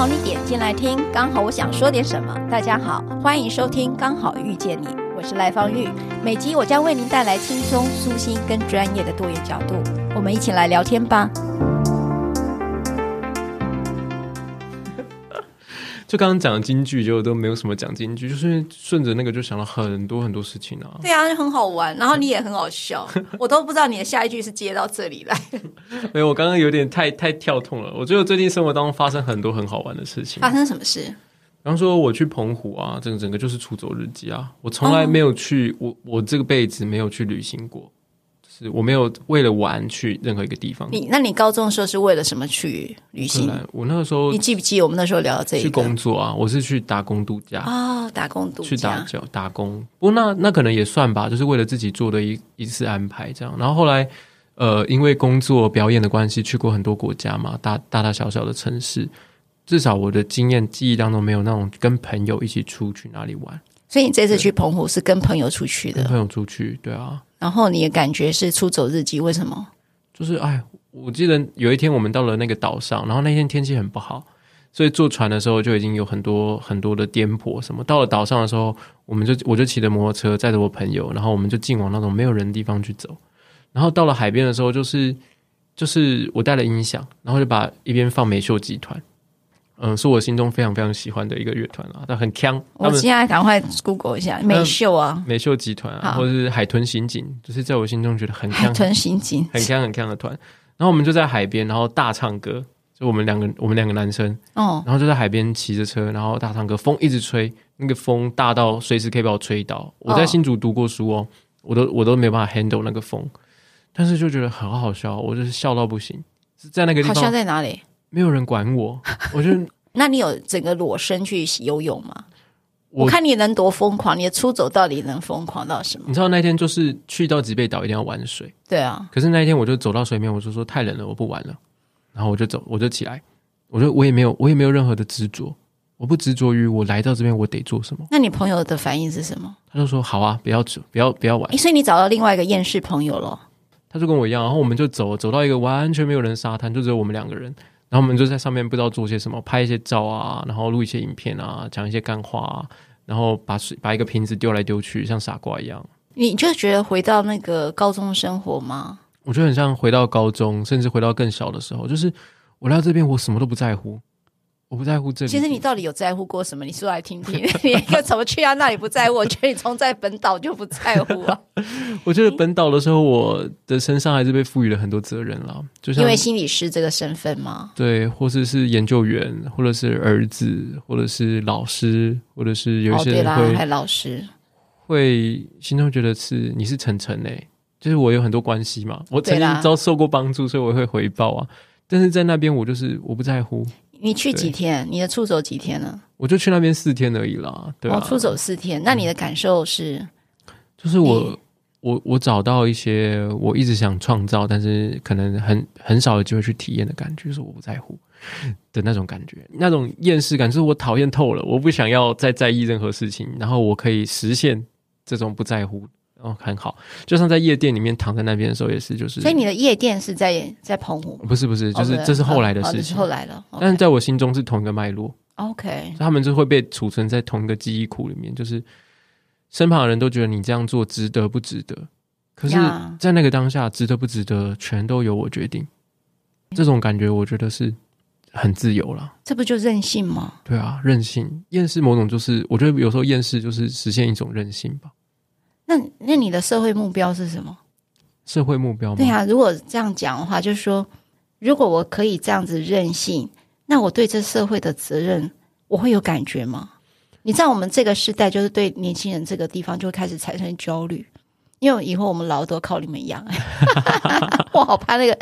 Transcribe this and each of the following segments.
好，你點進來聽，剛好我想說點什麼。大家好，歡迎收聽《剛好遇見你》，我是賴芳玉。每集我將為您帶來輕鬆、舒心跟專業的多元角度，我們一起來聊天吧。就剛剛講的金句，就都沒有什麼講金句，就是順着那個就想了很多很多事情啊。對啊，就很好玩，然後你也很好笑， 我都不知道你的下一句是接到這裡來。 沒有，我剛剛有點太太跳痛了。我覺得最近生活當中發生很多很好玩的事情。發生什麼事？比方說我去澎湖啊，整整個就是出走日記啊。我從來沒有去，嗯、我我這個輩子沒有去旅行過。我沒有為了玩去任何一個地方。你，那你高中的時候是為了什麼去旅行？我那個時候，你記不記得我們那時候聊這個？去工作啊，我是去打工度假。哦，打工度假，去打打工。不過那那可能也算吧，就是為了自己做的一一次安排這樣。然後後來，呃，因為工作表演的關係，去過很多國家嘛，大大大小小的城市。至少我的經驗記憶當中，沒有那種跟朋友一起出去哪裡玩。所以你這次去澎湖是跟朋友出去的？跟朋友出去，對啊。然後你的感覺是出走日記，為什麼？就是哎，我記得有一天我們到了那個島上，然後那天天氣很不好，所以坐船的時候就已經有很多很多的顛簸什麼。到了島上的時候，我們就我就騎着摩托車載着我朋友，然後我們就盡往那種沒有人的地方去走。然後到了海邊的時候，就是就是我帶了音響，然後就把一邊放美秀集團。嗯，是我心中非常非常喜歡的一個樂團啦，但很鏘。們，我們現在趕快 Google 一下、嗯、美秀啊，美秀集團啊，好或者是海豚刑警，就是在我心中覺得很鏘。海豚刑警很鏘很鏘的團。然後我們就在海邊，然後大唱歌，就我們兩個我們兩個男生哦，然後就在海邊騎着車，然後大唱歌，風一直吹，那個風大到隨時可以把我吹倒。哦、我在新竹讀過書哦，我都我都沒辦法 handle 那個風，但是就覺得很好，好笑、哦，我就是笑到不行，是在那個地方他笑在哪裡？沒有人管我，我就。 那你有整個裸身去游泳嗎？我，我看你能多瘋狂，你的出走到底能瘋狂到什麼？你知道那天就是去到吉貝島一定要玩水，對啊。可是那一天我就走到水面，我就說太冷了，我不玩了，然後我就走，我就起來，我就我也沒有我也沒有任何的執着，我不執着於我來到這邊我得做什麼。那你朋友的反應是什麼？他就說好啊，不要走，不要不要玩。所以你找到另外一個厭世朋友了。他就跟我一樣，然後我們就走走到一個完全沒有人沙灘，就只有我們兩個人。然後我們就在上面不知道做些什麼，拍一些照啊，然後錄一些影片啊，講一些乾話啊，然後把水把一個瓶子丟來丟去，像傻瓜一樣。你就覺得回到那個高中生活嗎？我覺得很像回到高中，甚至回到更小的時候。就是我來到這邊，我什麼都不在乎。我不在乎這裡的。其實你到底有在乎過什麼？你說來聽聽。你怎麼去他、啊、那裡不在乎？我覺得你從在本島就不在乎啊。 我覺得本島的時候，我的身上還是被賦予了很多責任啦。就因為心理師這個身份嘛。對，或者是，是研究員，或者是兒子，或者是老師，或者是有一些人會、哦、對啦、還老師會心中覺得是你是誠誠誒、欸，就是我有很多關係嘛，我曾經遭受過幫助，啦所以我會回報啊。但是在那邊，我就是我不在乎。你去幾天？對你的出走幾天了？我就去那邊四天而已啦，對吧、啊？我出走四天，那你的感受是？嗯、就是我，你我，我找到一些我一直想創造，但是可能很很少有機會去體驗的感覺。就是我不在乎的那種感覺，那種厭世感，就是我討厭透了，我不想要再在意任何事情，然後我可以實現這種不在乎的。哦，很、okay, 好。就像在夜店裡面躺在那邊的時候，也是，就是。所以你的夜店是在在澎湖？不是，不是，就是這是後來的事情。Oh, oh, oh, 這是後來了，okay. 但是在我心中是同一個脈絡。OK，他們就會被儲存在同一個記憶庫裡面。就是身旁的人都覺得你這樣做值得不值得？可是，在那個當下，值得不值得，全都由我決定。Yeah. 這種感覺，我覺得是很自由啦。這不就任性嗎？對啊，任性。厭世某種就是，我覺得有時候厭世就是實現一種任性吧。那那你的社會目標是什麼？社會目標嗎？對啊，如果這樣講的話，就是說，如果我可以這樣子任性，那我對這社會的責任，我會有感覺嗎？你知道我們這個時代，就是對年輕人這個地方就開始產生焦慮，因為以後我們老都靠你們養、欸，我 好怕那個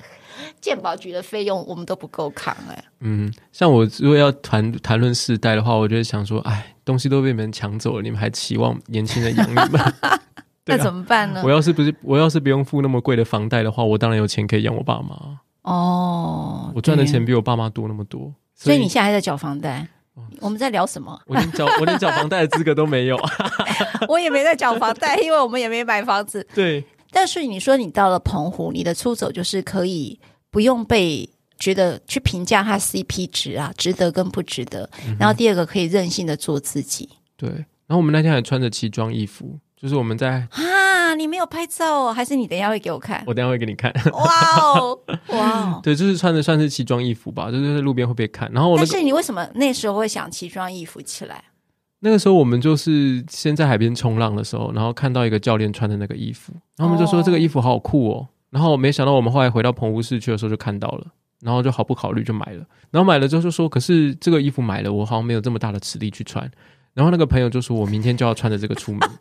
健保局的費用我們都不夠扛哎、欸。嗯，像我如果要談談論世代的話，我就會想說，哎。東西都被你們搶走了，你們還期望年輕人養你們？ 啊、 那怎麼辦呢？我要是不是我要是不用付那麼貴的房貸的話，我當然有錢可以養我爸媽。哦，我賺的錢比我爸媽多那麼多，對所以，所以你現在還在繳房貸？哦、我們在聊什麼？我連繳，我連繳房貸的資格都沒有， 我也沒在繳房貸，因為我們也沒買房子。對，但是你說你到了澎湖，你的出走就是可以不用被。覺得去評價他 CP 值啊，值得跟不值得。嗯、哼然後第二個可以任性的做自己。對，然後我們那天還穿着奇裝異服，就是我們在啊，你沒有拍照哦，還是你等一下會給我看？我等一下會給你看。哇哦， 哇哦，對，就是穿的算是奇裝異服吧，就是在路邊會被看。然後我、那個，但是你為什麼那時候會想奇裝異服起來？那個時候我們就是先在海邊衝浪的時候，然後看到一個教練穿的那個衣服，然後我們就說這個衣服好，好酷哦。哦，然後沒想到我們後來回到澎湖市區的時候就看到了。然後就毫不考慮就買了，然後買了之後就說，可是這個衣服買了，我好像沒有這麼大的實力去穿。然後那個朋友就說，我明天就要穿着這個出門。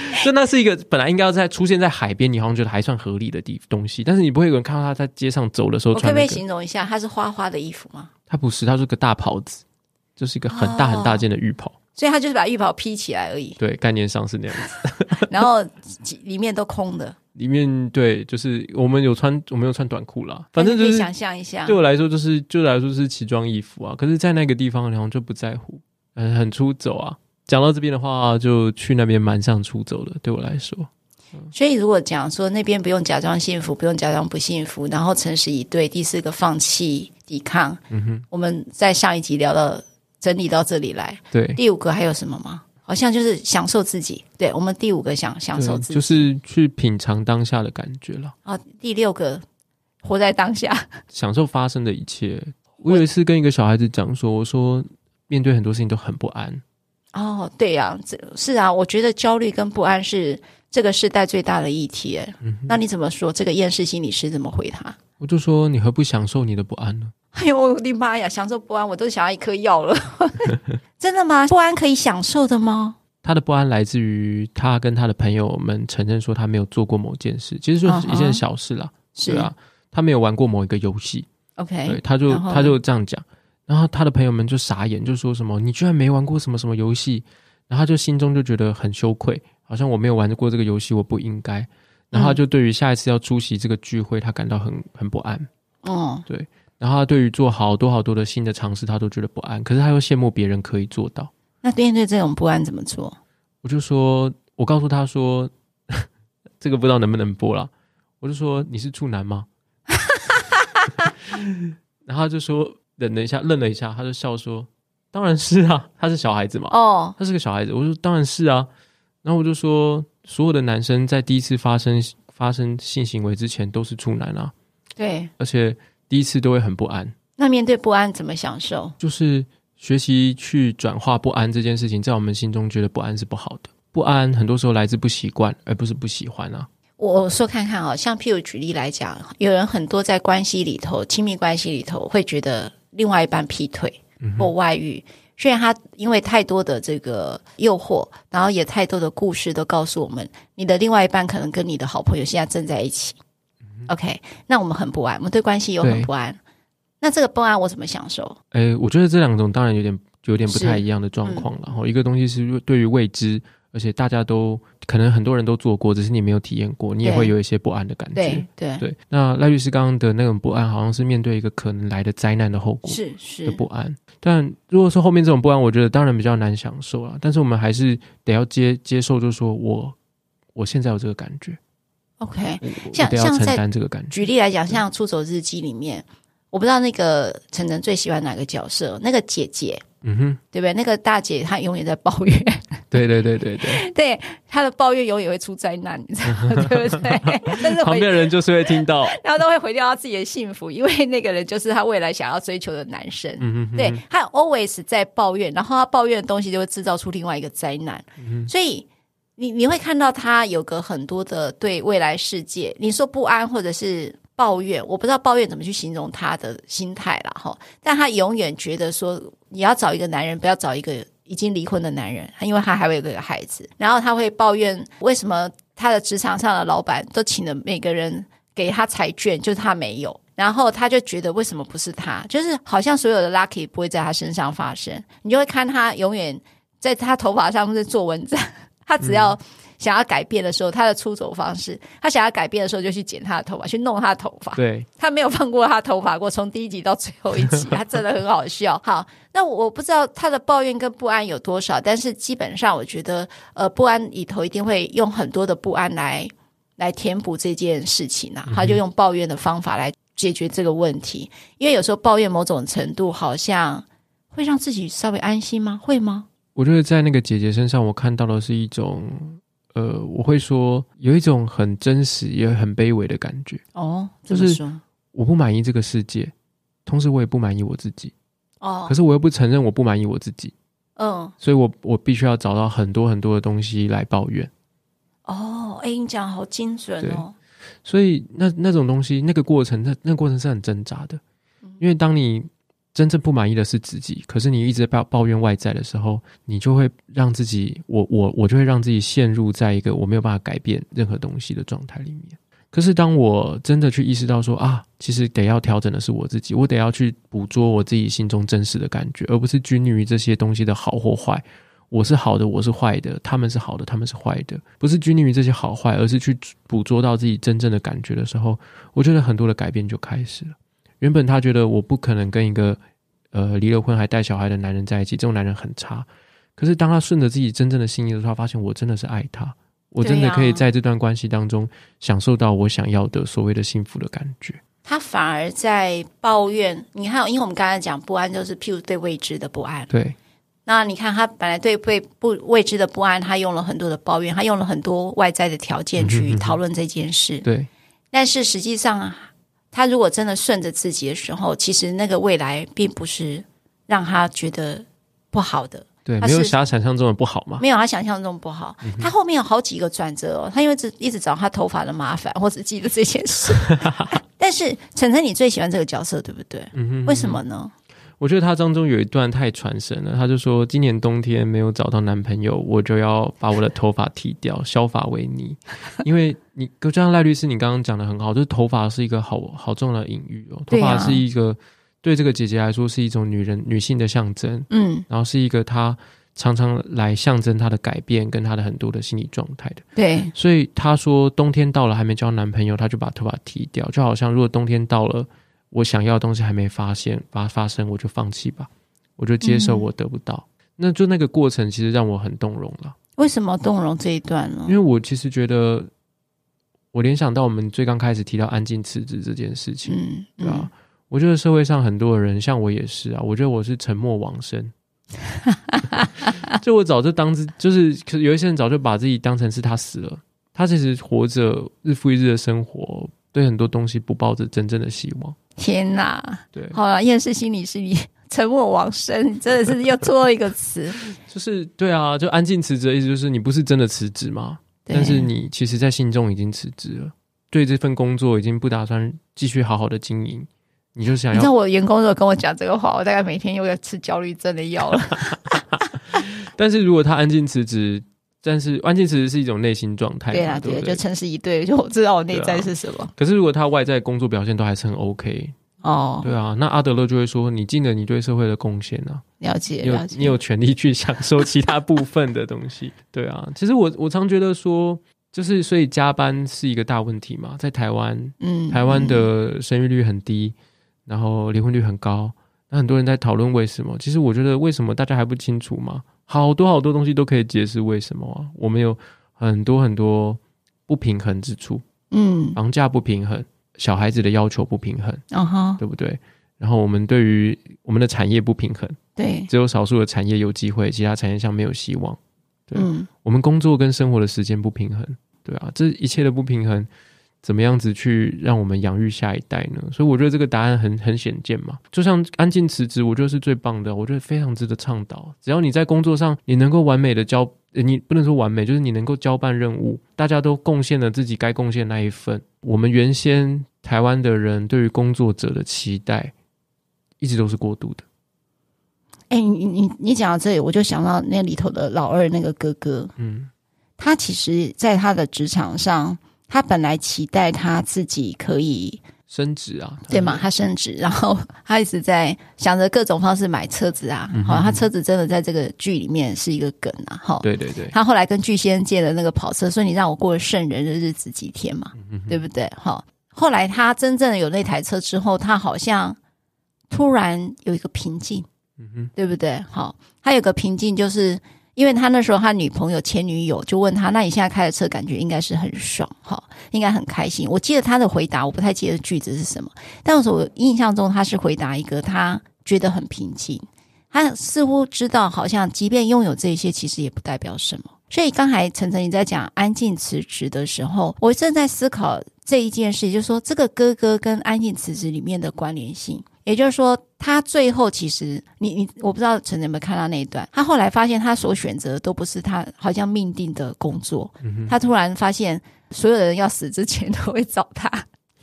所以那是一個本來應該要在出現在海邊，你好像覺得還算合理的地東西，但是你不會有人看到他在街上走的時候穿，那個。我可不可以形容一下，它是花花的衣服嗎？它不是，它是個大袍子，就是一個很大很大件的浴袍，oh, 所以他就是把浴袍披起來而已。對，概念上是那樣子。 然後裡面都空的。裡面對，就是我們有穿，我們有穿短褲啦，反正就是，是可以想象一下。對我來說，就是就來說就是奇裝異服啊。可是，在那個地方，然後就不在乎，很很出走啊。講到這邊的話、啊，就去那邊蠻像出走的，對我來說，嗯、所以如果講說那邊不用假裝幸福，不用假裝不幸福，然後誠實以對。第四個，放棄抵抗。嗯、哼我們在上一集聊到整理到這裡來，對，第五個還有什麼嗎？好像就是享受自己，對我們第五個想對享受自己，就是去品嘗當下的感覺了。啊、哦，第六個，活在當下，享受發生的一切。我有一次跟一個小孩子講說，我，我說面對很多事情都很不安。哦，對呀、啊，這是啊，我覺得焦慮跟不安是這個時代最大的議題。嗯、哼那你怎麼說？這個厭世心理師怎麼回他？我就說，你何不享受你的不安呢？哎呦，我的媽呀！享受不安，我都想要一顆藥了。 真的嗎？不安可以享受的嗎？他的不安來自於他跟他的朋友們承認說他沒有做過某件事，其實就是一件小事啦，對啊，他沒有玩過某一個遊戲。OK，對，他就他就這樣講，然後他的朋友們就傻眼，就說什麼“你居然沒玩過什麼什麼遊戲？”然後他就心中就覺得很羞愧，好像我沒有玩過這個遊戲，我不應該。然後他就對於下一次要出席這個聚會，嗯、他感到很很不安。哦，oh. 對。然後他對於做好多好多的新的嘗試，他都覺得不安。可是他又羨慕別人可以做到。那面對這種不安怎麼做？我就說，我告訴他說，這個不知道能不能播了。我就說，你是處男嗎？ 然後他就說，忍了一下，愣了一下，他就笑說：“當然是啊，他是小孩子嘛。”哦，他是個小孩子。我就說：“當然是啊。”然後我就說，所有的男生在第一次發生發生性行為之前都是處男啊。對，而且。第一次都會很不安，那面對不安怎麼享受？就是學習去轉化不安這件事情，在我們心中覺得不安是不好的。不安很多時候來自不習慣，而不是不喜歡啊。我我說看看啊、哦，像譬如舉例來講，有人很多在關係裡頭，親密關係裡頭，會覺得另外一半劈腿或外遇，嗯、哼雖然他因為太多的這個誘惑，然後也太多的故事都告訴我們，你的另外一半可能跟你的好朋友現在正在一起。OK，那我們很不安，我們對關係又很不安。對那這個不安我怎麼享受？誒，我覺得這兩種當然有點就有點不太一樣的狀況。然後，嗯，一個東西是對於未知，而且大家都可能很多人都做過，只是你沒有體驗過，你也會有一些不安的感覺。對對，對，對，那賴律師剛剛的那種不安，好像是面對一個可能來的災難的後果，是是的不安。但如果說後面這種不安，我覺得當然比較難享受了。但是我們還是得要接接受，就是說我我現在有這個感覺。OK，像像在舉例來講，像《出走日記》裡面，我不知道那個誠誠最喜歡哪個角色，那個姐姐，嗯哼，對不對？那個大姐她永遠在抱怨，對對對對對，對她的抱怨永遠會出災難，你知道對不對？但是旁邊人就是會聽到，然後都會毀掉她自己的幸福，因為那個人就是她未來想要追求的男生，嗯對，她 always 在抱怨，然後她抱怨的東西就會製造出另外一個災難，嗯，所以。你你會看到他有個很多的對未來世界，你說不安或者是抱怨，我不知道抱怨怎麼去形容他的心態啦，齁。但他永遠覺得說，你要找一個男人，不要找一個已經離婚的男人，因為他還會有一個孩子。然後他會抱怨為什麼他的職場上的老板都請了每個人給他彩券，就是他沒有。然後他就覺得為什麼不是他，就是好像所有的 lucky 不會在他身上發生。你就會看他永遠在他頭髮上面在做文章。他只要想要改變的時候，嗯、他的出走方式；他想要改變的時候，就去剪他的頭髮，去弄他的頭髮。對，他沒有放過他頭髮過，從第一集到最後一集、啊，他真的很好笑。 好，那我不知道他的抱怨跟不安有多少，但是基本上，我覺得呃，不安裡頭一定會用很多的不安來來填補這件事情呢、啊。他就用抱怨的方法來解決這個問題，嗯、因為有時候抱怨某種程度好像會讓自己稍微安心嗎？會嗎？我覺得在那個姐姐身上，我看到的是一種，呃，我會說有一種很真實也很卑微的感覺。哦，說就是我不滿意這個世界，同時我也不滿意我自己。哦，可是我又不承認我不滿意我自己。嗯，所以我我必須要找到很多很多的東西來抱怨。哦，哎，欸，你講好精準哦。所以那那種東西，那個過程，那那個過程是很掙扎的，因為當你。真正不滿意的是自己，可是你一直在抱，抱怨外在的時候，你就會讓自己，我我我就會讓自己陷入在一個我沒有辦法改變任何東西的狀態裡面。可是當我真的去意識到說啊，其實得要調整的是我自己，我得要去捕捉我自己心中真實的感覺，而不是拘泥於這些東西的好或壞。我是好的，我是壞的，他們是好的，他們是壞的，不是拘泥於這些好壞，而是去捕捉到自己真正的感覺的時候，我覺得很多的改變就開始了。原本他覺得我不可能跟一個，呃，離了婚還帶小孩的男人在一起，這種男人很差。可是當他順着自己真正的心意的時候，他發現我真的是愛他，我真的可以在這段關係當中享受到我想要的所謂的幸福的感覺。他反而在抱怨，你看，因為我們剛才講不安，就是譬如對未知的不安。對。那你看，他本來對對不未知的不安，他用了很多的抱怨，他用了很多外在的條件去討論這件事。嗯哼嗯哼對。但是實際上啊。他如果真的順着自己的時候，其實那個未來並不是讓他覺得不好的。對，沒有想象中的不好嘛？沒有他想象中不好。嗯、哼他後面有好幾個轉折哦。他因為一直找他頭髮的麻煩，我只記得這件事。 但是誠誠，你最喜歡這個角色對不對？嗯、哼哼哼為什麼呢？我覺得他當中有一段太傳神了，他就說：“今年冬天沒有找到男朋友，我就要把我的頭髮剃掉，削髮 為尼。”因為你就像賴律師你剛剛講的很好，就是頭髮是一個好好重的隱喻哦、喔，頭髮是一個對、啊、對這個姐姐來說是一種女人女性的象徵，嗯，然後是一個她常常來象徵她的改變跟她的很多的心理狀態的。對，所以她說冬天到了還沒交男朋友，她就把頭髮剃掉，就好像如果冬天到了。我想要的東西還沒發現發發生，我就放棄吧，我就接受我得不到。嗯、哼那就那個過程，其實讓我很動容了。為什麼動容這一段呢？因為我其實覺得，我聯想到我們最剛開始提到安靜辭職這件事情。嗯，嗯對吧？我覺得社會上很多人，像我也是啊。我覺得我是沉默往生， 就我早就當自就是，有一些人早就把自己當成是他死了，他其實活着日復一日的生活，對很多東西不抱着真正的希望。天吶！對，好了、啊，厭世心理師你沉默往生，真的是又錯了一個詞。就是對啊，就安靜辭職的意思，就是你不是真的辭職嘛？對但是你其實，在心中已經辭職了，對這份工作已經不打算繼續好好的經營，你就想要。如我員工如果跟我講這個話，我大概每天又要吃焦慮症的藥了。 但是如果他安靜辭職。但是，關鍵其實是一種內心狀態、啊。對啊，對、對，就誠實以對，就我知道我內在是什麼。啊、可是，如果他外在工作表現都還是很 OK 哦，對啊，那阿德勒就會說，你盡了你對社會的貢獻呢、啊？了解，了解你有，你有權利去享受其他部分的東西。 對啊，其實我我常覺得說，就是所以加班是一個大問題嘛，在台灣，嗯，台灣的生育率很低，嗯、然後離婚率很高，那很多人在討論為什麼？其實我覺得，為什麼大家還不清楚嘛？好多好多東西都可以解釋為什麼、啊、我們有很多很多不平衡之處，嗯，房價不平衡，小孩子的要求不平衡，啊哈、uh huh、對不對？然後我們對於我們的產業不平衡，對，只有少數的產業有機會，其他產業上沒有希望，對、嗯、我們工作跟生活的時間不平衡，對啊，這一切的不平衡。怎麼樣子去讓我們養育下一代呢？所以我覺得這個答案很很顯見嘛。就像安靜辭職，我覺得是最棒的，我覺得非常值得倡導。只要你在工作上，你能夠完美的交，你不能說完美，就是你能夠交辦任務，大家都貢獻了自己該貢獻的那一份。我們原先台灣的人對於工作者的期待，一直都是過度的。哎、欸，你你你講到這裡，我就想到那裡頭的老二那個哥哥，嗯，他其實在他的職場上。他本來期待他自己可以升職啊，對嗎？他升職，然後他一直在想着各種方式買車子啊。好、嗯哼，他車子真的在這個劇裡面是一個梗啊。哈、嗯哼，對對對，他後來跟巨仙借了那個跑車，所以你讓我過聖人的日子幾天嘛？嗯、哼對不對？哈，後來他真正有那台車之後，他好像突然有一個瓶頸嗯哼，對不對？好，他有個瓶頸就是。因為他那時候，他女朋友前女友就問他：“那你現在開的車，感覺應該是很爽哈，應該很開心。”我記得他的回答，我不太記得句子是什麼，但是我印象中他是回答一個他覺得很平靜，他似乎知道，好像即便擁有這些，其實也不代表什麼。所以剛才誠誠你在講安靜辭職的時候，我正在思考這一件事，就是說，這個哥哥跟安靜辭職裡面的關聯性。也就是說，他最後其實，你你我不知道誠誠有沒有看到那一段。他後來發現，他所選擇的都不是他好像命定的工作。他突然發現，所有人要死之前都會找他，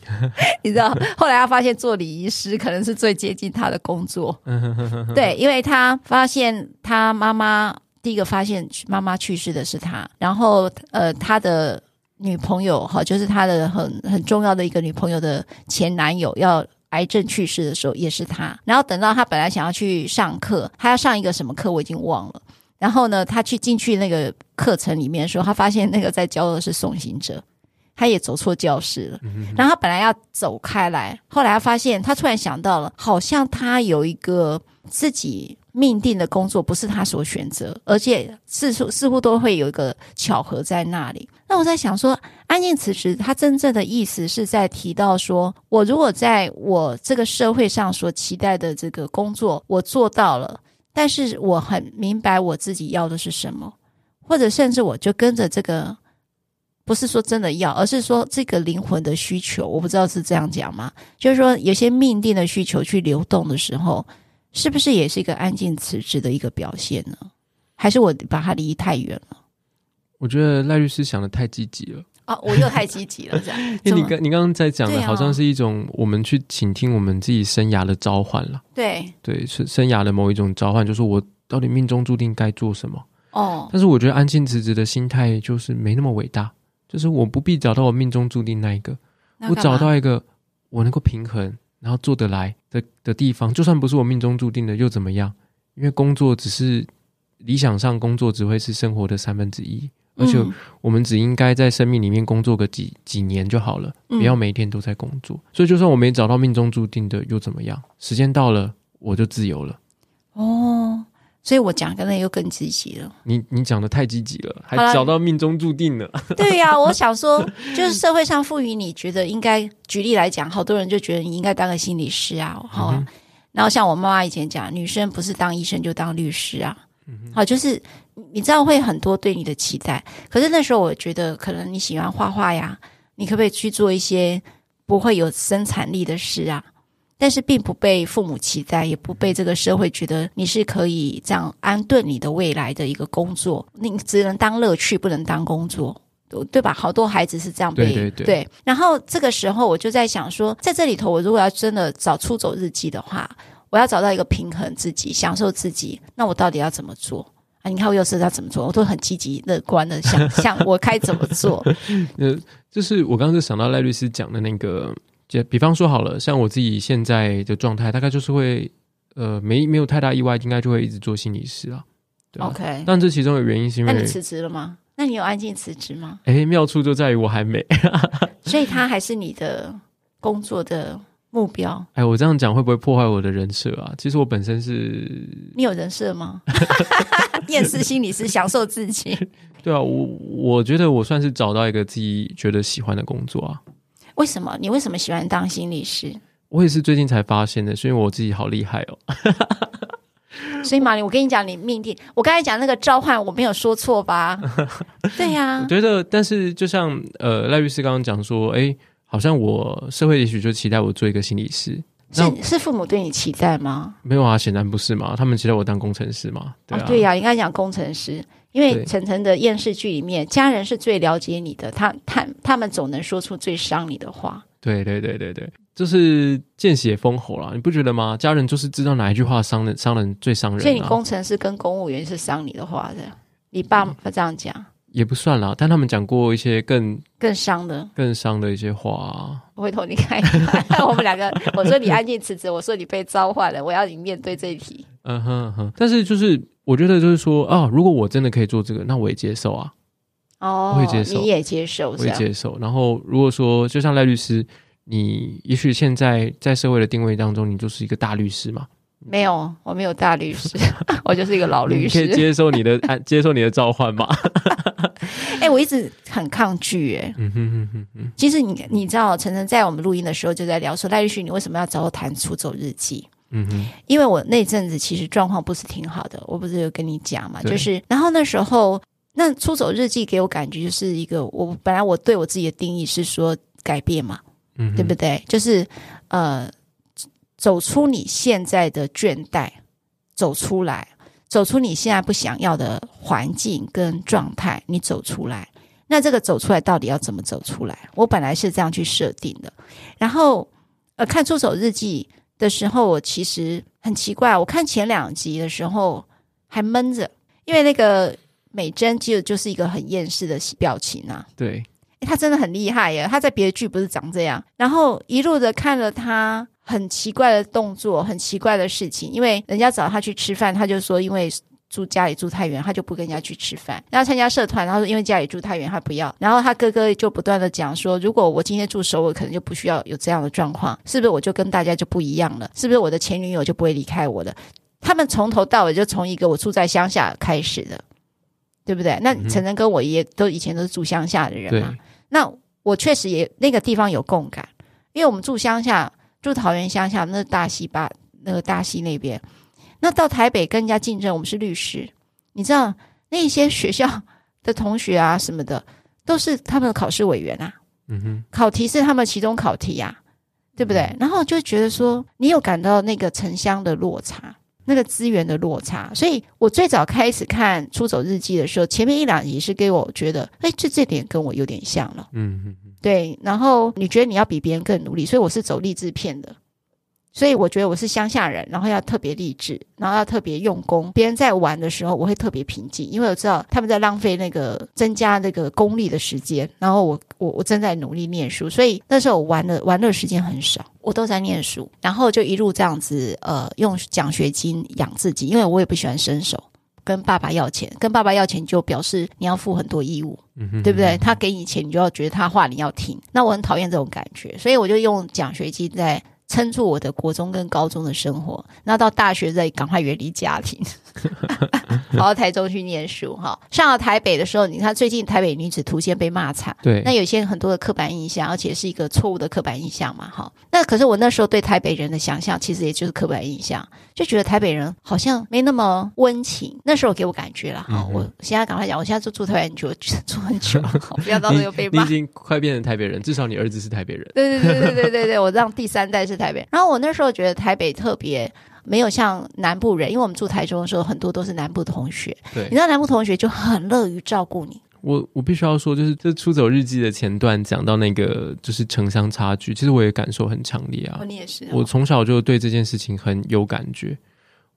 你知道？後來他發現做禮儀師可能是最接近他的工作。 對，因為他發現他媽媽第一個發現媽媽去世的是他，然後呃，他的女朋友哈，就是他的很很重要的一個女朋友的前男友要。癌症去世的時候也是他，然後等到他本來想要去上課，他要上一個什麼課我已經忘了。然後呢，他去進去那個課程裡面的時候，他發現那個在教的是送行者，他也走錯教室了。嗯、哼然後他本來要走開來，後來他發現他突然想到了，好像他有一個自己命定的工作，不是他所選擇，而且似乎似乎都會有一個巧合在那裡。那我在想說，安靜辭職，它真正的意思是在提到說，我如果在我這個社會上所期待的這個工作，我做到了，但是我很明白我自己要的是什麼，或者甚至我就跟着這個，不是說真的要，而是說這個靈魂的需求，我不知道是這樣講嗎？就是說，有些命定的需求去流動的時候，是不是也是一個安靜辭職的一個表現呢？還是我把它離太遠了？我覺得賴律師想的太積極了啊！我又太積極了，這樣，啊。因為你剛你剛剛在講的好像是一種我們去傾聽我們自己生涯的召喚了。對對，是生涯的某一種召喚，就是我到底命中注定該做什麼？哦。但是我覺得安靜辭職的心態就是沒那麼偉大，就是我不必找到我命中注定那一個，我找到一個我能夠平衡然後做得來的的地方，就算不是我命中注定的又怎麼樣？因為工作只是理想上工作只會是生活的三分之一。而且我們只應該在生命裡面工作個幾幾年就好了，不要每一天都在工作。嗯、所以就算我沒找到命中注定的又怎麼樣？時間到了我就自由了。哦，所以我講的呢又更積極了。你你講的太積極了，還找到命中注定呢？對呀、啊，我想說，就是社會上賦予你覺得應該，舉例來講，好多人就覺得你應該當個心理師啊，哈、嗯哼哦啊。然後像我媽媽以前講，女生不是當醫生就當律師啊。好，就是你知道會很多對你的期待，可是那時候我覺得，可能你喜歡畫畫呀，你可不可以去做一些不會有生產力的事啊？但是並不被父母期待，也不被這個社會覺得你是可以這樣安頓你的未來的一個工作，你只能當樂趣，不能當工作，對吧？好多孩子是這樣被。對，對，對，對。然後這個時候我就在想說，在這裡頭，我如果要真的找出走日記的話。我要找到一個平衡，自己享受自己。那我到底要怎麼做啊？你看我又是要怎麼做？我都很積極樂觀的想想我該怎麼做。呃， 就是我剛剛是想到賴律師講的那個，就比方說好了，像我自己現在的狀態，大概就是會呃沒沒有太大意外，應該就會一直做心理師啊。啊 OK，但這其中有原因是因為，那你辭職了嗎？那你有安靜辭職嗎？哎、欸，妙處就在於我還沒， 所以他還是你的工作的目標哎，我這樣講會不會破壞我的人設啊？其實我本身是，你有人設嗎？厭世 心理師， 享受自己。對啊，我我覺得我算是找到一個自己覺得喜歡的工作啊。為什麼？你為什麼喜歡當心理師？我也是最近才發現的，所以我自己好厲害哦。 所以馬玲，我跟你講，你命定。我剛才講那個召喚，我沒有說錯吧？ 對呀、啊，我覺得但是就像呃賴律師剛剛講說，哎、欸。好像我社會也許就期待我做一個心理師，是那是父母對你期待嗎？沒有啊，顯然不是嘛，他們期待我當工程師嘛。對啊，呀、啊，啊、應該講工程師，因為層層的電視劇裡面，對家人是最了解你的，他他他們總能說出最傷你的話。對對對對對，就是見血封喉啦。你不覺得嗎？家人就是知道哪一句話傷人，傷人最傷人、啊。所以你工程師跟公務員是傷你的話的、啊，你爸爸這樣講。嗯也不算啦，但他們講過一些更更傷的，更傷的一些話啊。回頭你看一看， 我們兩個，我說你安靜辭職， 我說你被召喚了，我要你面對這一題。嗯哼嗯哼，但是就是我覺得就是說啊，如果我真的可以做這個，那我也接受啊。哦，我也接受，你也接受，我也接受。然後如果說，就像賴律師，你也許現在在社會的定位當中，你就是一個大律師嘛。沒有，我沒有大律師，我就是一個老律師。 你可以接受你的，啊、接受你的召喚嗎？哎、 欸，我一直很抗拒哎、欸。嗯哼哼哼，哼。其實你你知道，晨晨在我們錄音的時候就在聊說，賴律師，你為什麼要找我談《出走日記》？嗯哼。因為我那陣子其實狀況不是挺好的，我不是有跟你講嘛，對就是，然後那時候那《出走日記》給我感覺就是一個，我本來我對我自己的定義是說改變嘛，嗯哼，對不對？就是呃。走出你現在的倦怠，走出來，走出你現在不想要的環境跟狀態，你走出來。那這個走出來到底要怎麼走出來？我本來是這樣去設定的。然後，呃，看《出走日記》的時候，我其實很奇怪，我看前兩集的時候還悶着，因為那個美貞就就是一個很厭世的表情啊。對，他真的很厲害耶，他在別的劇不是長這樣，然後一路的看了他。很奇怪的動作，很奇怪的事情，因為人家找他去吃飯，他就說因為住家裡住太遠，他就不跟人家去吃飯。要參加社團，他說因為家裡住太遠，他不要。然後他哥哥就不斷的講說，如果我今天住首爾，我可能就不需要有這樣的狀況，是不是我就跟大家就不一樣了？是不是我的前女友就不會離開我了？他們從頭到尾就從一個我住在鄉下開始的，對不對？那誠誠跟我爺爺都以前都是住鄉下的人嘛，對那我確實也那個地方有共感，因為我們住鄉下。住桃園鄉下，那大溪吧，那個大溪那邊，那到台北跟人家競爭。我們是律師，你知道那一些學校的同學啊什麼的，都是他們的考試委員啊。嗯哼。考題是他們期中考題呀、啊，對不對？然後就覺得說，你有感到那個城鄉的落差。那個資源的落差，所以我最早開始看《出走日記》的時候，前面一兩集是給我覺得，誒、欸、這這點跟我有點像了。嗯嗯，對。然後你覺得你要比別人更努力，所以我是走勵志片的。所以我覺得我是鄉下人，然後要特別勵志，然後要特別用功。別人在玩的時候，我會特別平靜，因為我知道他們在浪費那個增加那個功力的時間。然後我我我正在努力念書，所以那時候我玩的玩的時間很少，我都在念書。然後就一路這樣子，呃，用獎學金養自己，因為我也不喜歡伸手跟爸爸要錢，跟爸爸要錢就表示你要付很多義務，對不對？他給你錢，你就要覺得他話你要聽。那我很討厭這種感覺，所以我就用獎學金在撐住我的國中跟高中的生活，那到大學再趕快遠離家庭， 跑到台中去念書哈。上了台北的時候，你看最近台北女子圖鑑被罵慘，對，那有些很多的刻板印象，而且是一個錯誤的刻板印象嘛。哈，那可是我那時候對台北人的想象，其實也就是刻板印象，就覺得台北人好像沒那麼溫情。那時候給我感覺了哈。齁嗯、哼我現在趕快講，我現在就住台北，你覺得住很久好。不要到時候被罵。畢竟快變成台北人，對至少你兒子是台北人。對對對對對對對，我讓第三代是。台北，然後我那時候覺得台北特別沒有像南部人，因為我們住台中的時候，很多都是南部同學。對，你知道南部同學就很樂於照顧你。我我必須要說，就是，就是這出走日記的前段講到那個就是城鄉差距，其實我也感受很強烈啊。哦，你也是哦，我從小就對這件事情很有感覺。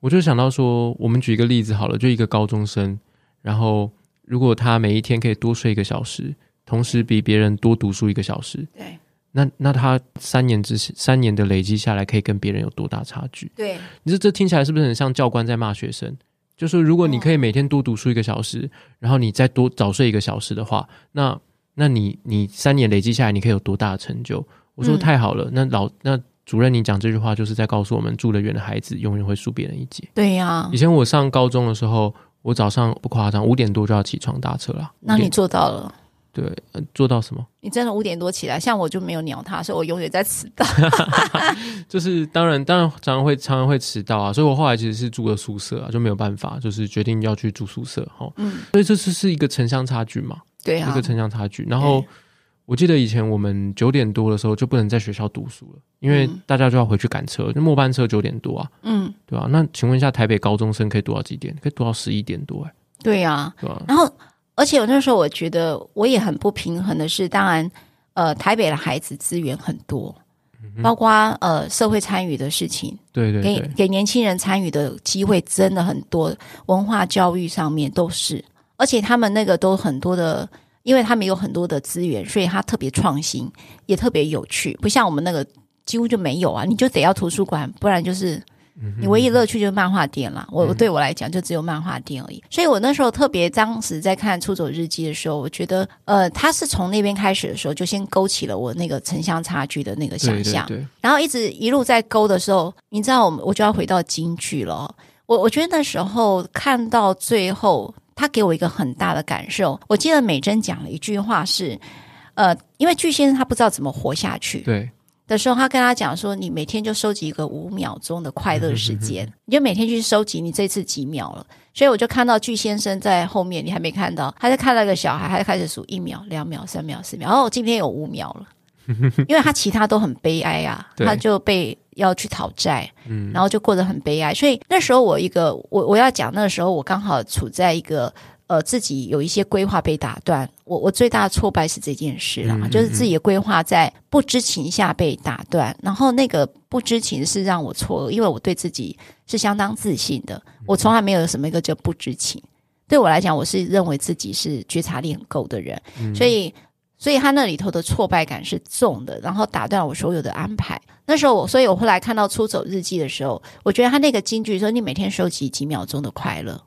我就想到說，我們舉一個例子好了，就一個高中生，然後如果他每一天可以多睡一個小時，同時比別人多讀書一個小時，對。那那他三年之前三年的累積下來，可以跟別人有多大差距？對，你說這聽起來是不是很像教官在罵學生？就是如果你可以每天多讀書一個小時，哦、然後你再多早睡一個小時的話，那那你你三年累積下來，你可以有多大的成就？我說太好了，嗯、那老那主任你講這句話就是在告訴我們，住得遠的孩子永遠會輸別人一截。對呀、啊，以前我上高中的時候，我早上不誇張，五點多就要起床搭車了。那你做到了。對，做到什麼？你真的五點多起來，像我就沒有鳥他，所以我永遠在遲到。 就是當然，當然常常會常常會遲到啊，所以我後來其實是住了宿舍啊，就沒有辦法，就是決定要去住宿舍哈。嗯，所以這是是一個城鄉差距嘛？對啊，一個城鄉差距。然後、欸、我記得以前我們九點多的時候就不能在學校讀書了，因為大家就要回去趕車，就末班車九點多啊。嗯，對啊。那請問一下，台北高中生可以讀到幾點？可以讀到十一點多、欸？哎，對呀，對啊，對啊，然後。而且我那時候我覺得我也很不平衡的是，當然，呃，台北的孩子資源很多，包括呃，社會參與的事情，對對對，給給年輕人參與的機會真的很多，文化教育上面都是，而且他們那個都很多的，因為他們有很多的資源，所以他特別創新，也特別有趣，不像我們那個幾乎就沒有啊，你就得要圖書館，不然就是。你唯一樂趣就是漫畫店啦。我對我來講，就只有漫畫店而已。嗯、所以，我那時候特別當時在看《出走日記》的時候，我覺得，呃，他是從那邊開始的時候，就先勾起了我那個城鄉差距的那個想象，對對對，然後一直一路在勾的時候，你知道，我我就要回到京劇了。我我覺得那時候看到最後，他給我一個很大的感受。我記得美珍講了一句話是，呃，因為具先生他不知道怎麼活下去。對。的時候，他跟他講說：“你每天就收集一個五秒鐘的快樂時間，嗯、哼哼，你就每天去收集你這次幾秒了。”所以我就看到巨先生在後面，你還沒看到，他在看一個小孩，他就開始數一秒、兩秒、三秒、四秒，然後，哦，今天有五秒了。嗯、哼哼，因為他其他都很悲哀啊，對他就被要去討債，然後就過得很悲哀。所以那時候我一個我我要講那個時候，我剛好處在一個。呃，自己有一些規劃被打斷，我我最大的挫敗是這件事啦，嗯嗯嗯，就是自己的規劃在不知情下被打斷，然後那個不知情是讓我錯了，因為我對自己是相當自信的，我從來沒有什麼一個叫不知情。對我來講，我是認為自己是覺察力很夠的人，嗯嗯，所以所以他那裡頭的挫敗感是重的，然後打斷我所有的安排。那時候我，所以我後來看到出走日記的時候，我覺得他那個金句說：“你每天收集幾秒鐘的快樂。”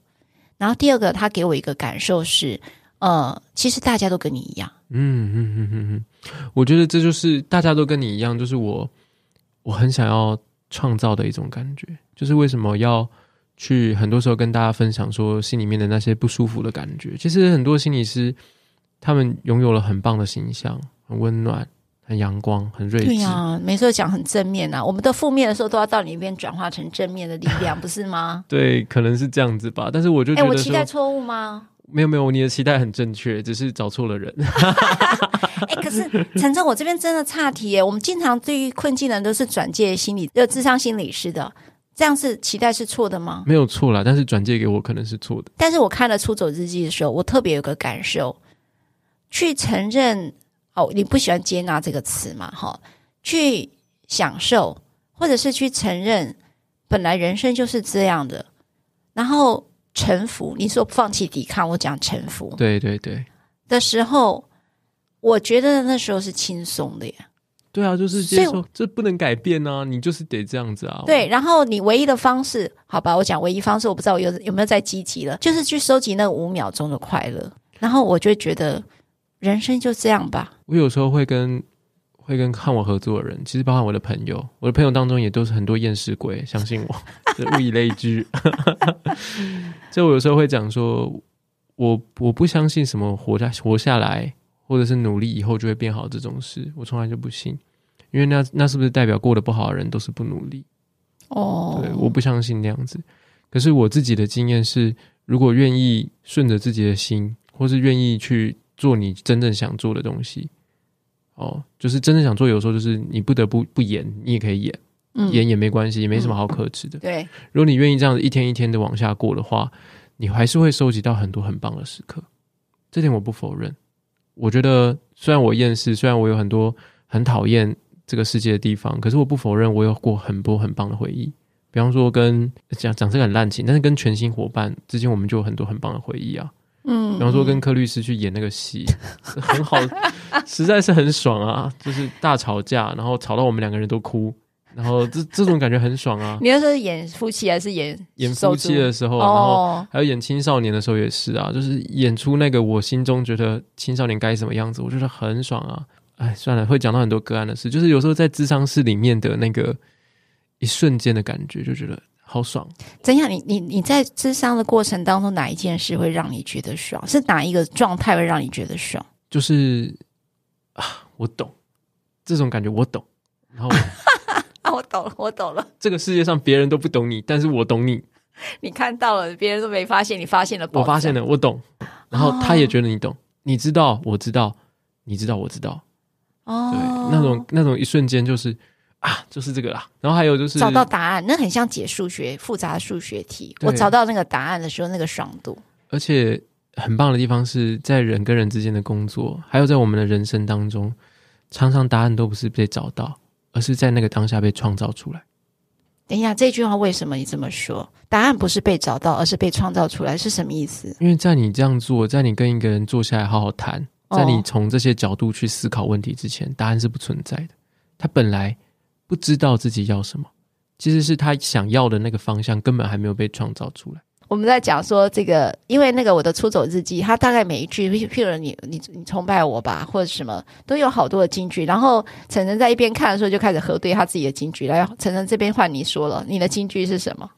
然後第二個，他給我一個感受是，呃、嗯，其實大家都跟你一樣。嗯嗯嗯嗯嗯，我覺得這就是大家都跟你一樣，就是我我很想要創造的一種感覺，就是為什麼要去很多時候跟大家分享說心裡面的那些不舒服的感覺。其實很多心理師，他們擁有了很棒的形象，很溫暖。很陽光，很睿智。對呀、啊，沒錯，講很正面吶、啊。我們的負面的時候，都要到裡面轉化成正面的力量，不是嗎？ 對，可能是這樣子吧。但是我就哎、欸，我期待錯誤嗎？沒有沒有，你的期待很正確，只是找錯了人。哎、 欸，可是誠誠，我這邊真的岔題耶。 我們經常對於困境的人都是轉介心理，呃，諮商心理師的，這樣是期待是錯的嗎？沒有錯啦，但是轉介給我可能是錯的。但是我看了《出走日記》的時候，我特別有個感受，去承認。哦，你不喜歡接納這個詞嘛？哈、哦，去享受，或者是去承認，本來人生就是這樣的。然後臣服，你說放棄抵抗，我講臣服。對對對。的時候，我覺得那時候是輕鬆的呀。對啊，就是接受，所以，這不能改變啊，你就是得這樣子啊。對，然後你唯一的方式，好吧，我講唯一方式，我不知道我有有沒有再積極了，就是去收集那五秒鐘的快樂，然後我就覺得。人生就這樣吧。我有時候會跟會跟看我合作的人，其實包括我的朋友，我的朋友當中也都是很多厭世鬼。相信我，這物以 類聚。 就我有時候會講說，我我不相信什麼活在活下來，或者是努力以後就會變好這種事，我從來就不信。因為那那是不是代表過得不好的人都是不努力？哦，對，我不相信那樣子。可是我自己的經驗是，如果願意順着自己的心，或是願意去，做你真正想做的東西，哦，就是真正想做。有時候就是你不得不不演，你也可以演，嗯、演也沒關係，也沒什麼好可恥的、嗯。對，如果你願意這樣子一天一天的往下過的話，你還是會收集到很多很棒的時刻。這點我不否認。我覺得雖然我厭世，雖然我有很多很討厭這個世界的地方，可是我不否認我有過很多很棒的回憶。比方說跟，跟講講這個很濫情，但是跟全新夥伴之間，我們就有很多很棒的回憶啊。嗯，比方說跟柯律師去演那個戲，嗯、很好， 實在是很爽啊！就是大吵架，然後吵到我們兩個人都哭，然後這這種感覺很爽啊！你要說是演夫妻還是演演夫妻的時候，然後還有演青少年的時候也是啊，哦、就是演出那個我心中覺得青少年該什麼樣子，我覺得很爽啊！哎，算了，會講到很多個案的事，就是有時候在諮商室裡面的那個一瞬間的感覺，就覺得。好爽！怎樣？你你你在諮商的過程當中，哪一件事會讓你覺得爽？是哪一個狀態會讓你覺得爽？就是啊，我懂這種感覺，我懂。然後我 啊，我懂了，我懂了。這個世界上，別人都不懂你，但是我懂你。 你看到了，別人都沒發現，你發現了，我發現了，我懂。然後他也覺得你懂，哦、你知道，我知道，你知道，我知道。哦，對，那種那種一瞬間就是。啊，就是這個啦。然後還有就是找到答案，那很像解數學複雜的數學題。對我找到那個答案的時候，那個爽度。而且很棒的地方是在人跟人之間的工作，還有在我們的人生當中，常常答案都不是被找到，而是在那個當下被創造出來。哎呀，這句話為什麼你這麼說？答案不是被找到，而是被創造出來，是什麼意思？因為在你這樣做，在你跟一個人坐下來好好談，在你從這些角度去思考問題之前，哦、答案是不存在的。它本來。不知道自己要什麼，其實是他想要的那個方向根本還沒有被創造出來。我們在講說這個，因為那個我的出走日記，他大概每一句，譬如你你你崇拜我吧，或者什麼，都有好多的金句。然後誠誠在一邊看的時候就開始核對他自己的金句。來，誠誠這邊換你說了，你的金句是什麼？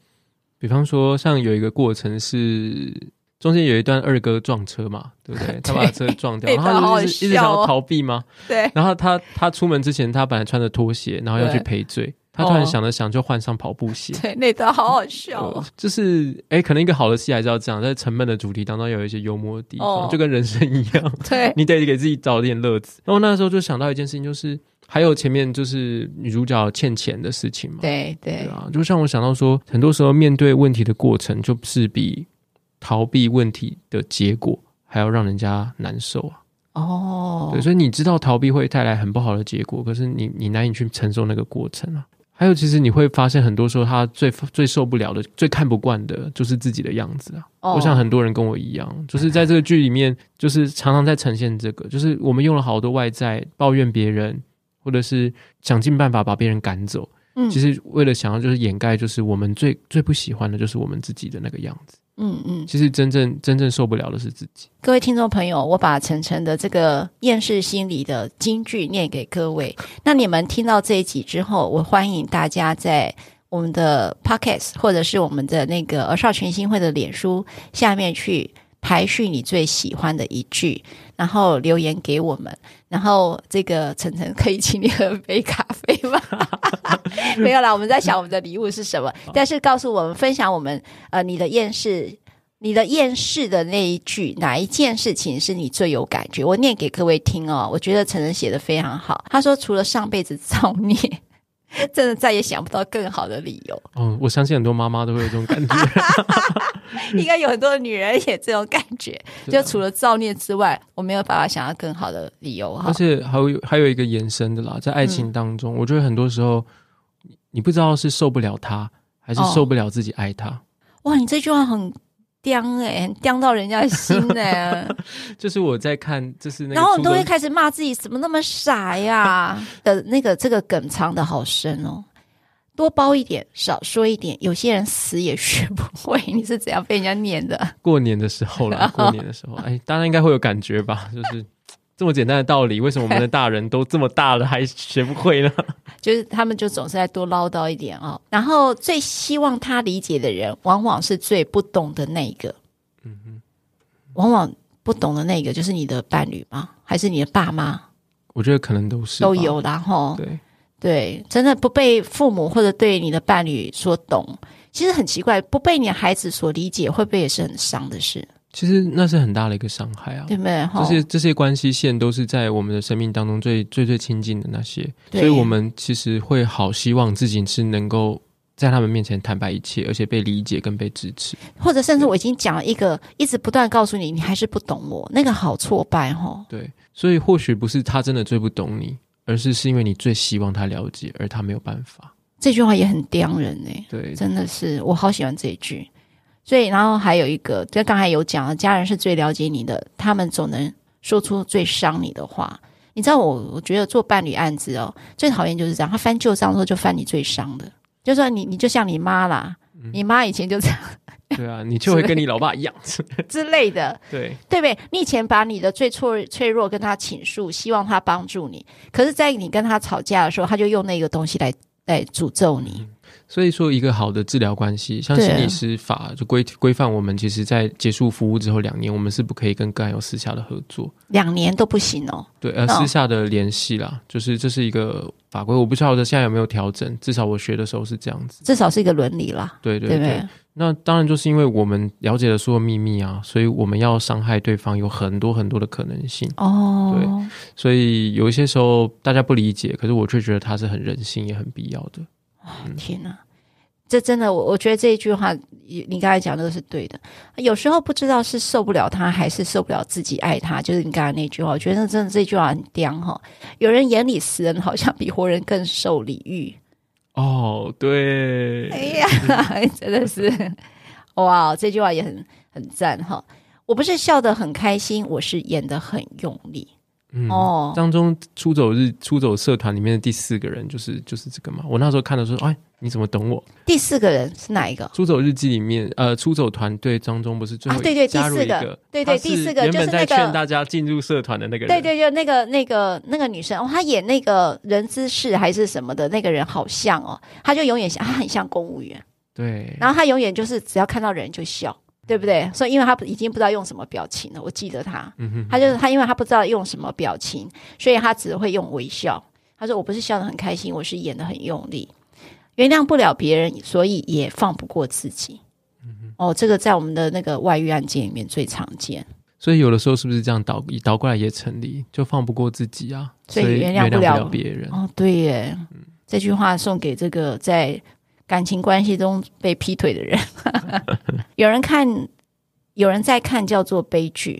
比方說，像有一個過程是。中間有一段二哥撞車嘛，對不對？他把車撞掉，對然後一直，好好、哦、一直想要逃避嘛？對。然後他他出門之前，他本來穿着拖鞋，然後要去賠罪，對他突然想着想就換上跑步鞋。哦、對，那段好好笑，哦。 就是誒，可能一個好的戲還是要這樣，在沉悶的主題當中有一些幽默的地方，哦、就跟人生一樣。對，你得給自己找點樂子。然後那時候就想到一件事情，就是還有前面就是女主角欠錢的事情嘛。對對啊，就像我想到說，很多時候面對問題的過程就是比逃避問題的結果，還要讓人家難受啊！哦，oh. 對，所以你知道逃避會帶來很不好的結果，可是你你難以去承受那個過程啊。還有，其實你會發現，很多時候他最最受不了的、最看不慣的就是自己的樣子啊。我想、oh. 很多人跟我一樣，就是在這個劇裡面，就是常常在呈現這個，Okay. 就是我們用了好多外在抱怨別人，或者是想盡辦法把別人趕走。嗯，其實為了想要就是掩蓋，就是我們最最不喜歡的就是我們自己的那個樣子。嗯嗯，其實真正真正受不了的是自己。各位聽眾朋友，我把誠誠的這個厭世心理的金句念給各位。那你們聽到這一集之後，我歡迎大家在我們的 Podcast 或者是我們的那個兒少權心會的臉書下面去排序你最喜歡的一句，然後留言給我們。然後這個晨晨可以請你喝杯咖啡嗎？ 沒有啦，我們在想我們的禮物是什麼。但是告訴我們，分享我們呃你的厭世，你的厭世的、的那一句，哪一件事情是你最有感覺？我念給各位聽哦，我覺得晨晨寫得非常好。他說，除了上輩子造孽。真的再也想不到更好的理由。嗯、哦，我相信很多媽媽都會有這種感覺， 應該有很多女人也這種感覺， 就除了造孽之外，我沒有辦法想要更好的理由哈。而且還有還有一個延伸的啦，在愛情當中，嗯、我覺得很多時候，你不知道是受不了他，還是受不了自己愛他、哦。哇，你這句話很。刁哎，刁、欸、到人家的心哎、欸， 就是我在看，就是那。然後我們都會開始罵自己， 怎麼那麼傻呀？的那個這個梗藏的好深哦，多包一點，少說一點，有些人死也學不會。你是怎樣被人家念的？過年的時候啦。過年的時候，然後 哎，當然應該會有感覺吧？就是。這麼簡單的道理，為什麼我們的大人都這麼大了還學不會呢？ 就是他們就總是在多嘮叨一點哦。然後最希望他理解的人，往往是最不懂的那一個。嗯嗯哼，往往不懂的那個，就是你的伴侶嗎？還是你的爸媽？我覺得可能都是都有啦。然後對對，真的不被父母或者對你的伴侶所懂，其實很奇怪。不被你的孩子所理解，會不會也是很傷的事？其實那是很大的一個傷害啊，對不對？這些這些關係線都是在我們的生命當中最最最親近的那些，對所以我們其實會好希望自己是能夠在他們面前坦白一切，而且被理解跟被支持。或者甚至我已經講了一個，對一直不斷告訴你，你還是不懂我，那個好挫敗吼、哦。對，所以或許不是他真的最不懂你，而是是因為你最希望他了解，而他沒有辦法。這句話也很叼人哎、欸，對，真的是我好喜歡這一句。所以，然後還有一個，就剛才有講了，家人是最了解你的，他們總能說出最傷你的話。你知道我，我我覺得做伴侶案子哦，最討厭就是這樣，他翻舊賬的時候就翻你最傷的，就是，說你，你就像你媽啦，你媽以前就這樣，嗯、 對啊，你就會跟你老爸一樣 之類的，對，對不對？你以前把你的最脆脆弱跟他傾訴，希望他幫助你，可是，在你跟他吵架的時候，他就用那個東西來來詛咒你。嗯所以說，一個好的治療關係，像心理師法就規規範，我們其實在結束服務之後兩年，我們是不可以跟個案有私下的合作，兩年都不行哦。對，而、呃哦、私下的聯繫啦，就是這是一個法規，我不知道現在有沒有調整，至少我學的時候是這樣子。至少是一個倫理啦，對對對。對對，那當然就是因為我們了解了所有秘密啊，所以我們要傷害對方有很多很多的可能性哦。對，所以有一些時候大家不理解，可是我卻覺得他是很人性也很必要的。哦、天哪、啊，這真的，我我覺得這一句話，你你剛才講的都是對的。有時候不知道是受不了他，還是受不了自己愛他。就是你剛才那句話，我覺得真的這句話很叼哈、哦。有人眼裡死人好像比活人更受禮遇。哦，對，哎呀，真的是， 哇，這句話也很很讚哈、哦。我不是笑得很開心，我是演得很用力。嗯、哦，張忠出走日出走社團裡面的第四個人就是就是這個嘛。我那時候看的時候，哎，你怎麼懂我？第四個人是哪一個？出走日記裡面，呃，出走團隊張忠不是最後一、啊、對對，加入一個第四個，對對，對，第四個是原本在就是那個勸大家進入社團的那個人。對，對對，就那個那個那個女生哦，她演那個人資室還是什麼的那個人好像哦，她就永遠像，她很像公務員。對，然後她永遠就是只要看到人就笑。對不對？所以因為他已經不知道用什麼表情了，我記得他，嗯、哼哼他就是他，因為他不知道用什麼表情，所以他只會用微笑。他說：“我不是笑得很開心，我是演得很用力。”原諒不了別人，所以也放不過自己。嗯、哼，哦，這個在我們的那個外遇案件裡面最常見。所以有的時候是不是這樣倒倒過來也成立？就放不過自己啊？所以，所以原諒不了別人。哦，對耶。嗯、這句話送給這個在。感情關係中被劈腿的人， 有人看，有人在看，叫做悲劇；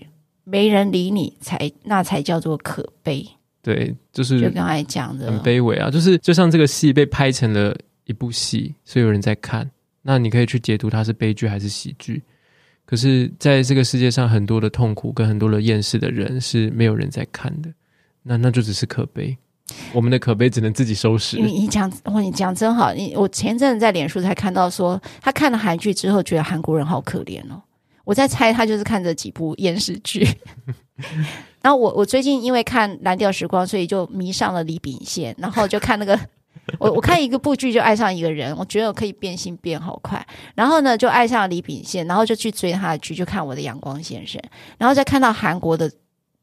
沒人理你才，才那才叫做可悲。對，就是、啊、就剛才講的很卑微啊，就是就像這個戲被拍成了一部戲，所以有人在看。那你可以去解讀它是悲劇還是喜劇。可是，在這個世界上，很多的痛苦跟很多的厭世的人是沒有人在看的。那那就只是可悲。我們的可悲只能自己收拾。你、哦、你講我你講真好，你我前陣子在臉書才看到說，他看了韓劇之後覺得韓國人好可憐哦。我在猜他就是看這幾部厭世劇。 然後我我最近因為看《藍調時光》，所以就迷上了李炳憲，然後就看那個 我我看一個部劇就愛上一個人，我覺得我可以變心變好快。然後呢，就愛上了李炳憲，然後就去追他的劇，就看我的《陽光先生》，然後再看到韓國的。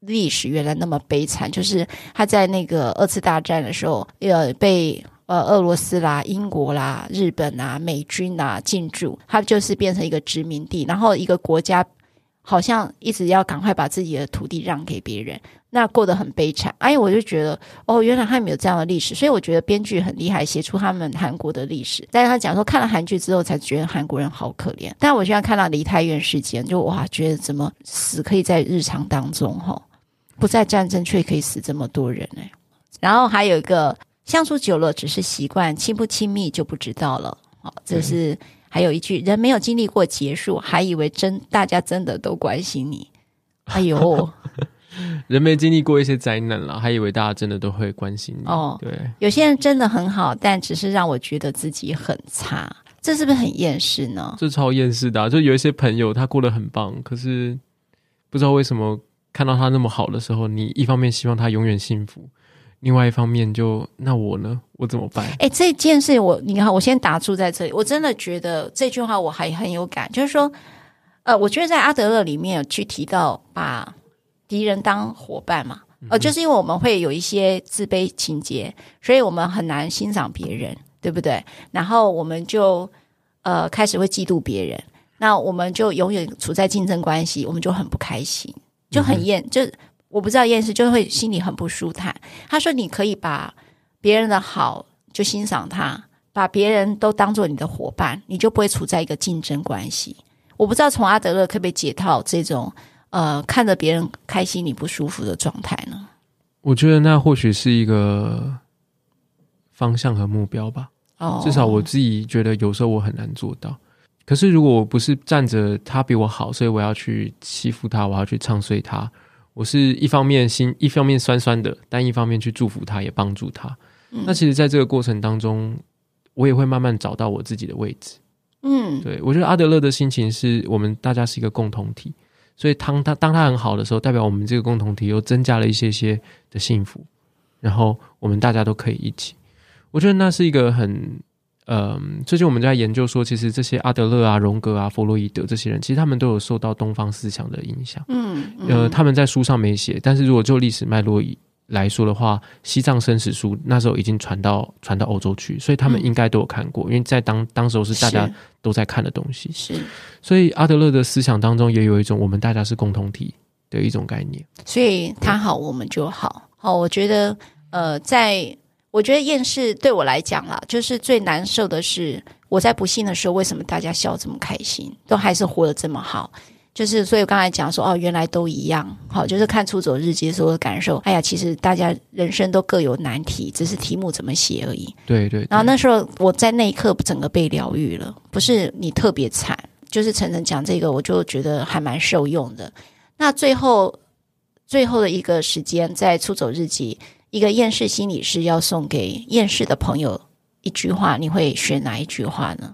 歷史原來那麼悲慘，就是他在那個二次大戰的時候，呃，被呃俄羅斯啦、英國啦、日本啦、美軍啦進駐，他就是變成一個殖民地，然後一個國家好像一直要趕快把自己的土地讓給別人，那過得很悲慘。哎，我就覺得哦，原來他們有這樣的歷史，所以我覺得編劇很厲害，寫出他們韓國的歷史。但是他講說看了韓劇之後才覺得韓國人好可憐。但我現在看到《梨泰院事件》，就哇，覺得怎麼死可以在日常當中哈、哦？不再戰爭卻可以死這麼多人哎、欸，然後還有一個，相處久了只是習慣，親不親密就不知道了哦，這是對還有一句，人沒有經歷過結束，還以為真大家真的都關心你。哎呦， 人沒經歷過一些災難了，還以為大家真的都會關心你哦。對，有些人真的很好，但只是讓我覺得自己很差，這是不是很厭世呢？這超厭世的、啊，就有一些朋友他過得很棒，可是不知道為什麼。看到他那麼好的時候，你一方面希望他永遠幸福，另外一方面就，那我呢？我怎麼辦？哎、欸，這件事我，你看，我先打住在這裡。我真的覺得這句話我還很有感，就是說，呃，我覺得在阿德勒裡面有去提到把敵人當夥伴嘛，嗯哼。呃，就是因為我們會有一些自卑情結，所以我們很難欣賞別人，對不對？然後我們就呃開始會嫉妒別人，那我們就永遠處在競爭關係，我們就很不開心。就很厭，嗯、就我不知道厭世就會心裡很不舒坦。他說：“你可以把別人的好就欣賞他，把別人都當做你的伙伴，你就不會處在一個競爭關係。”我不知道從阿德勒可不可以解套這種呃看着別人開心你不舒服的狀態呢？我覺得那或許是一個方向和目標吧。哦，oh. 至少我自己覺得有時候我很難做到。可是，如果我不是站着他比我好，所以我要去欺負他，我要去唱衰他，我是一方面心，一方面酸酸的，但一方面去祝福他，也幫助他。嗯、那其實，在這個過程當中，我也會慢慢找到我自己的位置。嗯，對我覺得阿德勒的心情是我們大家是一個共同體，所以當他當他很好的時候，代表我們這個共同體又增加了一些些的幸福，然後我們大家都可以一起。我覺得那是一個很。嗯，最近我們在研究說，其實這些阿德勒啊、榮格啊、弗洛伊德這些人，其實他們都有受到東方思想的影響。嗯，嗯呃，他們在書上沒寫，但是如果就歷史脈絡來說的話，《西藏生死書》那時候已經傳到傳到歐洲去，所以他們應該都有看過，嗯、因為在當當時候是大家都在看的東西。是，所以阿德勒的思想當中也有一種我們大家是共同體的一種概念。所以他好，對我們就好。哦，我覺得，呃，在。我覺得厭世對我來講啦，就是最難受的是我在不幸的時候，為什麼大家笑這麼開心，都還是活得這麼好？就是所以我剛才講說哦，原來都一樣，好，就是看《出走日記》的時候的感受。哎呀，其實大家人生都各有難題，只是題目怎麼寫而已。對，對對。然後那時候我在那一刻整個被療癒了，不是你特別慘，就是誠誠講這個，我就覺得還蠻受用的。那最後最後的一個時間在《出走日記》。一個厭世心理師要送給厭世的朋友一句話，你會選哪一句話呢？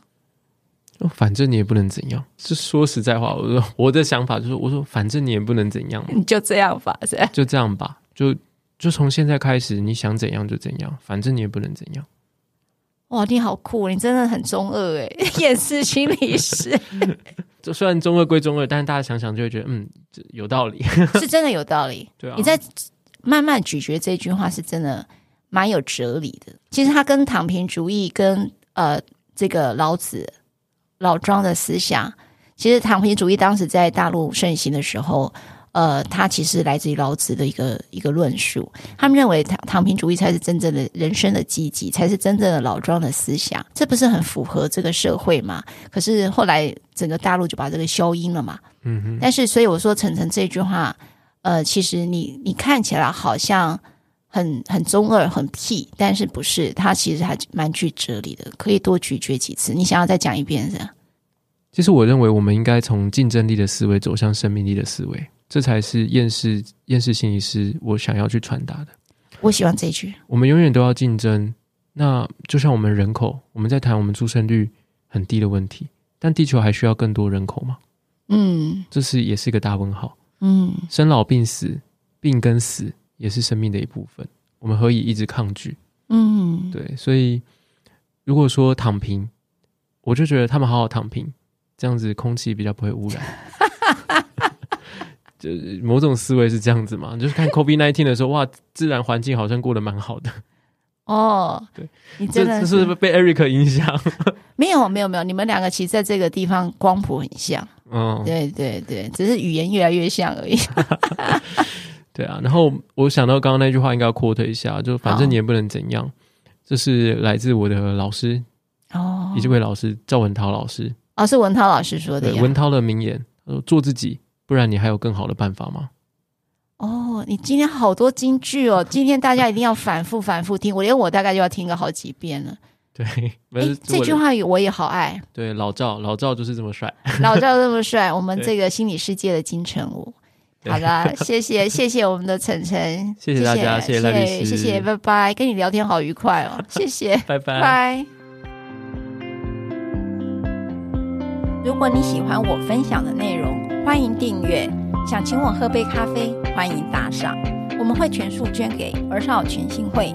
哦，反正你也不能怎樣。就說實在話，我說我的想法就是，我說反正你也不能怎樣，你就這樣吧，是吧？就這樣吧，就就從現在開始，你想怎樣就怎樣，反正你也不能怎樣。哇，你好酷，你真的很中二誒。 厭世心理師，這 雖然中二歸中二，但是大家想想就會覺得，嗯，這有道理， 是真的有道理。對啊，你在。慢慢咀嚼這句話是真的，蠻有哲理的。其實他跟躺平主義跟、跟呃這個老子、老莊的思想，其實躺平主義當時在大陸盛行的時候，呃，他其實來自於老子的一個一個論述。他們認為躺躺平主義才是真正的人生的積極，才是真正的老莊的思想。這不是很符合這個社會嘛？可是後來整個大陸就把這個消音了嘛？嗯嗯哼，但是所以我說誠誠這句話。呃，其實你你看起來好像很很中二、很屁，但是不是？它其實還蠻具哲理的，可以多咀嚼幾次。你想要再講一遍這樣。其實我認為，我們應該從競爭力的思維走向生命力的思維，這才是厭世厭世心理師我想要去傳達的。我喜歡這一句：我們永遠都要競爭。那就像我們人口，我們在談我們出生率很低的問題，但地球還需要更多人口嗎？嗯，這是也是一個大問號。嗯，生老病死，病跟死也是生命的一部分。我們何以一直抗拒？嗯，對。所以如果說躺平，我就覺得他們好好躺平，這樣子空氣比較不會污染。 就是某種思維是這樣子嘛？就是看 COVID-19 的時候，哇，自然環境好像過得蠻好的。哦，對，你真的是不是被 Eric 影響？ 沒有，沒有，沒有。你們兩個其實在這個地方光譜很像。嗯，oh. 對對對，只是語言越來越像而已。 對啊，然後我想到剛剛那句話，應該要 quote 一下，就反正你也不能怎樣。Oh. 這是來自我的老師哦，這、oh. 位老師趙文濤老師哦，oh, 是文濤老師說的對。文濤的名言：他說做自己，不然你還有更好的辦法嗎？哦，oh, 你今天好多金句哦，今天大家一定要反復反復聽，我連我大概就要聽個好幾遍了。對，哎，這句話我也好愛。對，老趙，老趙就是這麼帥。老趙這麼帥，我們這個心理世界的金城武。好的，謝謝，謝謝我們的誠誠，謝謝大家，謝謝來賓，謝謝，拜拜，跟你聊天好愉快哦，謝謝，拜拜。如果你喜歡我分享的內容，歡迎訂閱。想請我喝杯咖啡，歡迎打賞，我們會全數捐給兒少權心會。